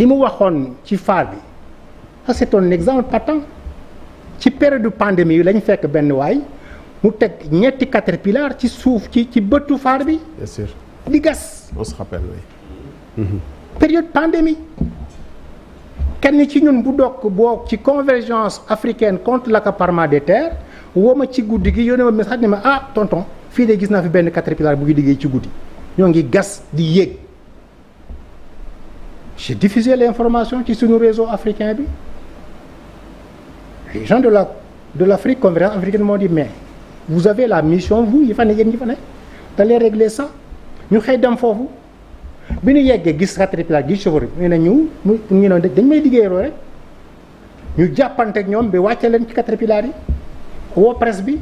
li mu waxoon ci faar bi ça ton un exemple patent ci période pandémie yi lañu fekk benn waay mu teg ñetti caterpillar ci suuf ci ci bëttu faar bi. bien di gas. on se rappelle oui. Mm-hmm. période pandémie kenn ci ñun bu dokk boo ci convergence africaine contre l'accaparement des terres woo ma ci guddi gi yónnee ma message ne ma ah tonton fii de gis naa fi benn caterpillar bu ngi liggéey ci guddi ñoo ngi gas di yéeg. j'ai diffusé information ci suñu réseau africain bi les gens de la de la l'Afrique conférence africaine moo di mais vous avez la mission vous yi fa ne yéen ñi fa ne d'aller régler ça ñu xëy dem foofu bi nu yeggee gis ratripla gis chauffeur bi ñu ne ñu mu ñu ne dañ may liggéeyaloo rek ñu jàppante ak ñoom bi wàcce leen ci caterpillar yi woo presse bi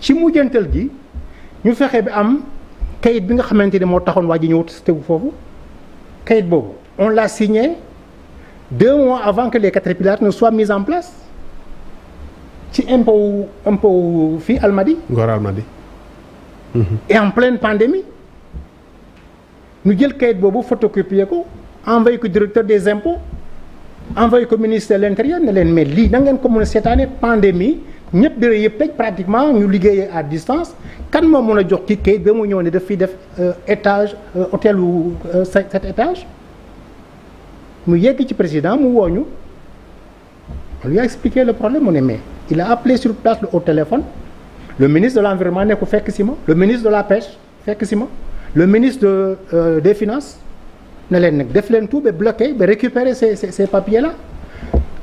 ci mujjantal gi ñu fexe bi am kayit bi nga xamante ni moo taxoon waa ji ñëw tegu foofu kayit boobu on l'a signé deux mois avant que les quatre piliers ne soient mis en place ci impôt impôt fii Almadi. Ngor Almadi. Mm-hmm. et en pleine pandémie nu jël kayit boobu photocopier ko envoyé ko directeur des impôts envoyé ko ministre de l'intérieur ne leen mais lii na ngeen ko mën a seetaane pandémie ñëpp bureau yëpp tëj pratiquement ñu liggéeyee à distance kan moo mën a jox kii kayit ba mu ñëw ni daf fiy def euh, étage euh, hôtel wu sept euh, étage mu yegg ci président mu wooñu on lui a expliqué le problème mu ne mais il a appelé sur place au téléphone le ministre de l'environnement nekku fekk si ma le ministre de la pêche fekk si ma le ministre de euh, des finances ne leen nag def leen tout ba bloqué ba récupérer ces ces ces papiers là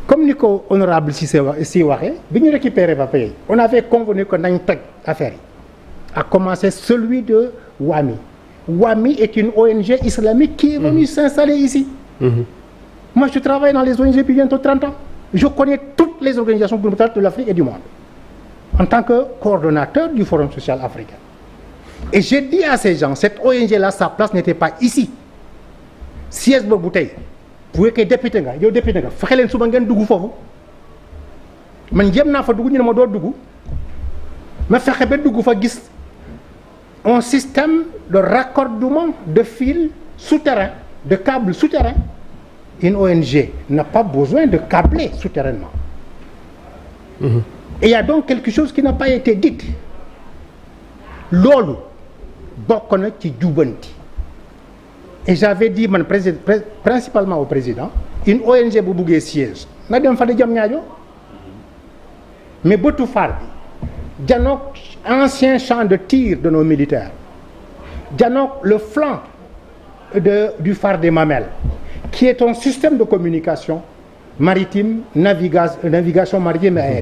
comme ni ko honorable si si waxee bi ñu récupérer papiers yi on avait convenu que nañ toj affaire yi à commencer celui de Wami Wami est une ONG islamique qui est venue mmh. s'installer Moi, je travaille dans les ONG depuis bientôt 30 ans. Je connais toutes les organisations gouvernementales de l'Afrique et du monde en tant que coordonnateur du Forum social africain. Et j'ai dit à ces gens, cette ONG-là, sa place n'était pas ici. siège boobu tey bu fekkee député nga yow député nga fexe leen suba ngeen dugg foofu man jéem naa fa dugg ñu ne ma doo dugg ma fexe ba dugg fa gis un système de raccordement de fil souterrain de câble souterrain une ONG n'a pas besoin de câbler souterrainement. Mmh. Et il donc quelque chose qui n'a pas été dit. loolu bokk na ci jubanti et j'avais dit man président principalement au président une ONG bu buggee siège na dem fa di jam ñaajo mais bëtu faar bi janoog ancien champ de tir de nos militaires janoog le flanc du phare des Mamelles qui est un système de communication maritime naviga navigation maritime et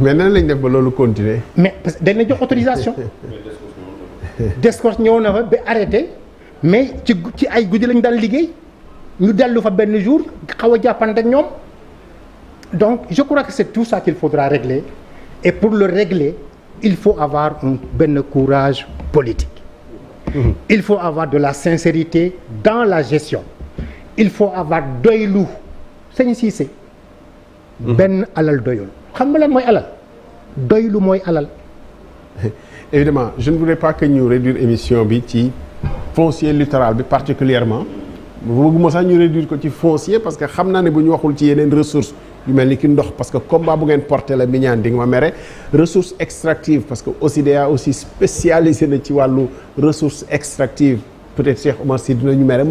mais nan lañ def ba loolu continuer. mais parce que dañ la jox autorisation. Descos ñëw na fa ba arrêté mais ci ci ay guddi lañ daan liggéey ñu dellu fa benn jour xaw a jàppante ak ñoom donc je crois que c'est tout ça qu'il faudra régler et pour le régler il faut avoir un benn courage politique. Mmh. il faut avoir de la sincérité dans la gestion. il faut avoir doylu sëñ Cissé mhm. benn alal doyul xam nga lan mooy alal doylu mooy alal évidemment je bu voudrais pas que ñu réduire émission bi ci foncier littoral bi particulièrement bëgguma sax ñu réduire ko ci foncier parce que xam naa ne bu ñu waxul ci yeneen ressources yu mel ni ki ndox parce que combat bu ngeen porté la miñaan di nga ma mere ressources extractives parce que aussi OCDEA aussi spécialisé na ci wàllu ressources extractives peut-être Cheikh Omar ñu mere